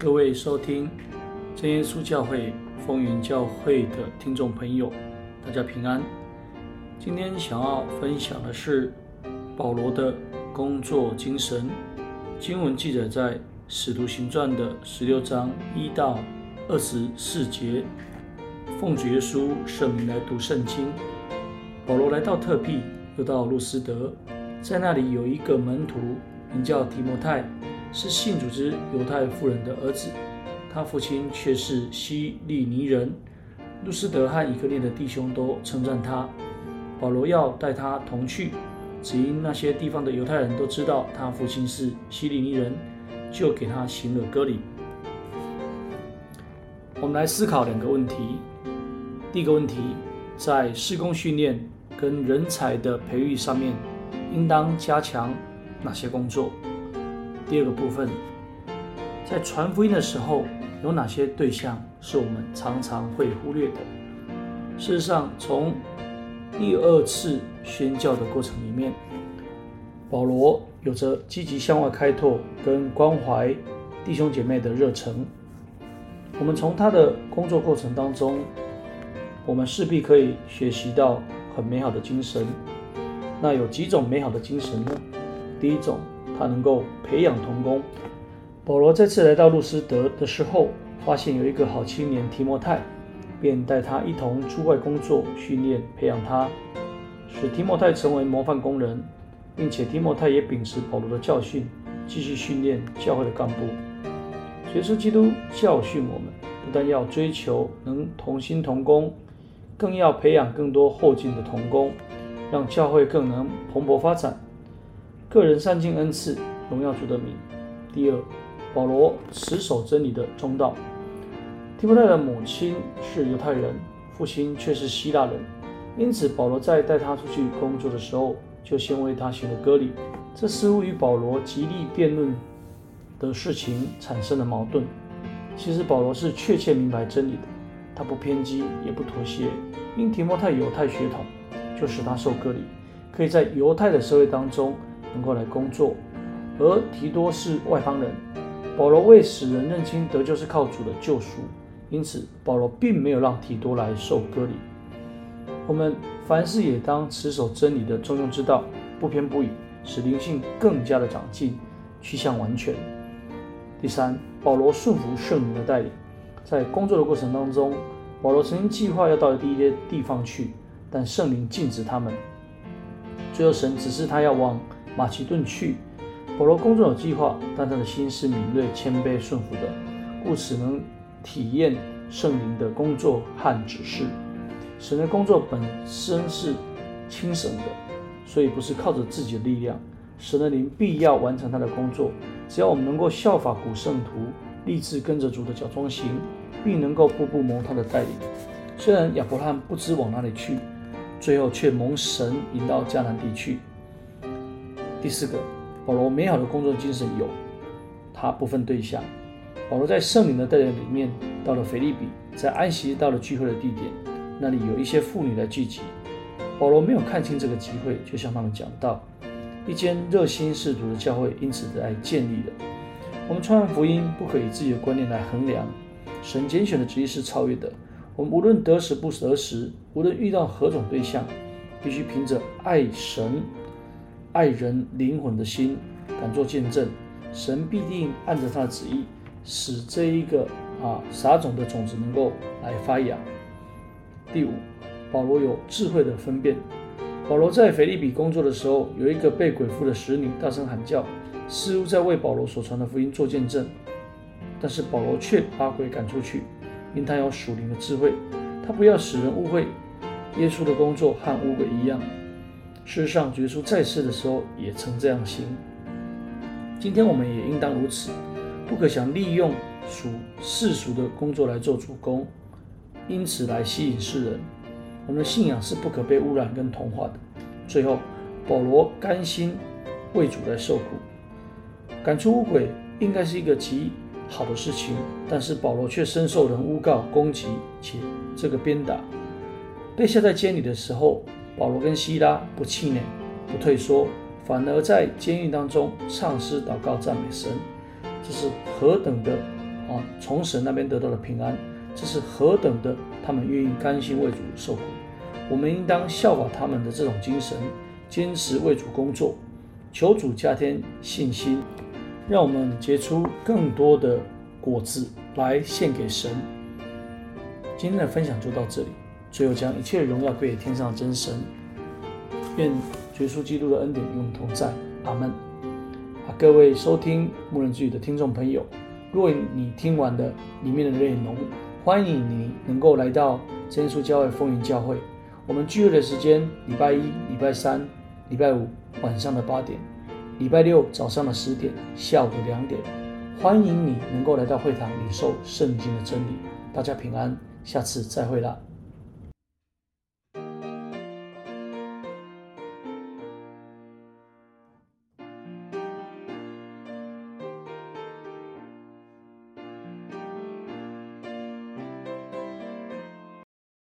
各位收聽真耶穌教會豐原教會的聽眾朋友，大家平安。今天想要分享的是保羅的工作精神。經文記載在《使徒行傳》的十六章一到二十四節。奉主耶穌聖名來讀聖經。保羅來到特庇，又到路斯德，在那裡有一個門徒名叫提摩太。是信主之猶太婦人的兒子，他父親卻是希利尼人。路斯德和以哥念的弟兄都稱讚他。保羅要帶他同去，只因那些地方的猶太人都知道他父親是希利尼人，就給他行了割禮。我們來思考兩個問題：第一個問題，在事工訓練跟人才的培育上面，應當加強哪些工作？第二個部分，在傳福音的時候，有哪些對象是我們常常會忽略的？事實上，從第二次宣教的過程裡面，保羅有着積極向外開拓跟關懷弟兄姐妹的熱忱。我們從他的工作過程當中，我們勢必可以學習到很美好的精神。那有幾種美好的精神呢？第一種。他能夠培養同工。保羅再次來到路斯德的時候，發現有一個好青年提摩太，便帶他一同出外工作訓練，培養他，使提摩太成為模範工人，並且提摩太也秉持保羅的教訓，繼續訓練教會的幹部。所以說，基督教訓我們，不但要追求能同心同工，更要培養更多後進的同工，讓教會更能蓬勃發展。個人善盡恩賜榮耀主的名。第二，保羅持守真理的中道。提摩太的母親是猶太人，父親卻是希臘人，因此保羅在帶他出去工作的時候，就先為他行了割禮。這似乎與保羅極力辯論的事情產生了矛盾。其實保羅是確切明白真理的，他不偏激也不妥協。因提摩太猶太血統，就使他受割禮，可以在猶太的社會當中，能夠來工作，而提多是外邦人。保羅為使人認清得救是靠主的救贖，因此保羅並沒有讓提多來受割禮。我們凡事也當持守真理的中庸之道，不偏不倚，使靈性更加的長進，趨向完全。第三，保羅順服聖靈的帶領，在工作的過程當中，保羅曾經計劃要到一些地方去，但聖靈禁止他們。最後，神指示他要往。馬其頓去，保羅工作有計劃，但他的心思敏銳、謙卑順服的，故此能體驗聖靈的工作和指示。神的工作本身是輕省的，所以不是靠着自己的力量。神的靈必要完成他的工作，只要我們能夠效法古聖徒，立志跟着主的腳蹤行，並能夠步步蒙他的帶領。雖然亞伯拉罕不知往哪裡去，最後卻蒙神引到迦南地區。第四個，保羅美好的工作精神有，他不分對象。保羅在聖靈的帶領裡面到了腓立比，在安息到了聚會的地點，那裡有一些婦女來聚集。保羅沒有看清這個機會，就向他們講道，一間熱心事主的教會因此而建立了。我們傳福音不可以以自己的觀念來衡量，神揀選的旨意是超越的。我們無論得時不得時，無論遇到何種對象，必須憑着愛神。愛人靈魂的心，敢做見證，神必定按着他的旨意，使這一個啊撒種的種子能夠來發芽。第五，保羅有智慧的分辨。保羅在腓立比工作的時候，有一個被鬼附的使女大聲喊叫，似乎在為保羅所傳的福音做見證，但是保羅卻把鬼趕出去，因他有屬靈的智慧，他不要使人誤會耶穌的工作和污鬼一樣。事實上主耶穌在世的時候也曾這樣行，今天我們也應當如此，不可想利用屬世俗的工作來做主工，因此來吸引世人。我們的信仰是不可被污染跟同化的。最後，保羅甘心為主來受苦，趕出污鬼應該是一個極好的事情，但是保羅卻深受人誣告攻擊，且這個鞭打，被下在監裡的時候。保羅跟希拉不氣餒，不退縮，反而在監獄當中唱詩、禱告、讚美神。這是何等的啊！從神那邊得到的平安。這是何等的！他們願意甘心為主受苦。我們應當效法他們的這種精神，堅持為主工作，求主加添信心，讓我們結出更多的果子來獻給神。今天的分享就到這裡。最後，將一切的榮耀歸給天上的真神。願耶穌基督的恩典與我們同在。阿門、啊。各位收聽牧人之語的聽眾朋友，若你聽完的裡面的內容，歡迎你能夠來到真耶穌教會豐原教會。我們聚會的時間：禮拜一、禮拜三、禮拜五晚上的八點，禮拜六早上的十點，下午的兩點。歡迎你能夠來到會堂領受聖經的真理。大家平安，下次再會啦。